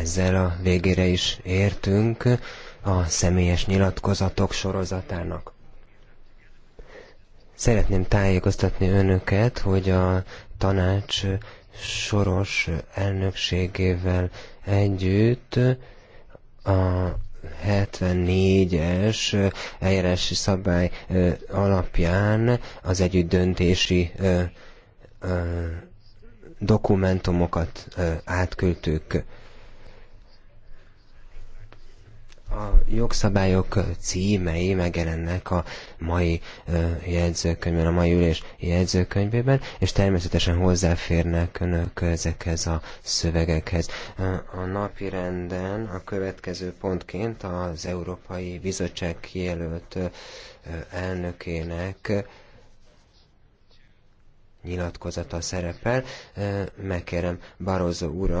ezzel a végére is értünk a személyes nyilatkozatok sorozatának. Szeretném tájékoztatni önöket, hogy a tanács soros elnökségével együtt a 74-es eljárási szabály alapján az együtt döntési dokumentumokat átküldtük A jogszabályok címei megjelennek a mai jegyzőkönyvben, a mai ülés jegyzőkönyvében, és természetesen hozzáférnek önök ezekhez a szövegekhez. A napi renden a következő pontként az Európai Bizottság kijelölt elnökének nyilatkozata szerepel. Megkérem Barozó urat,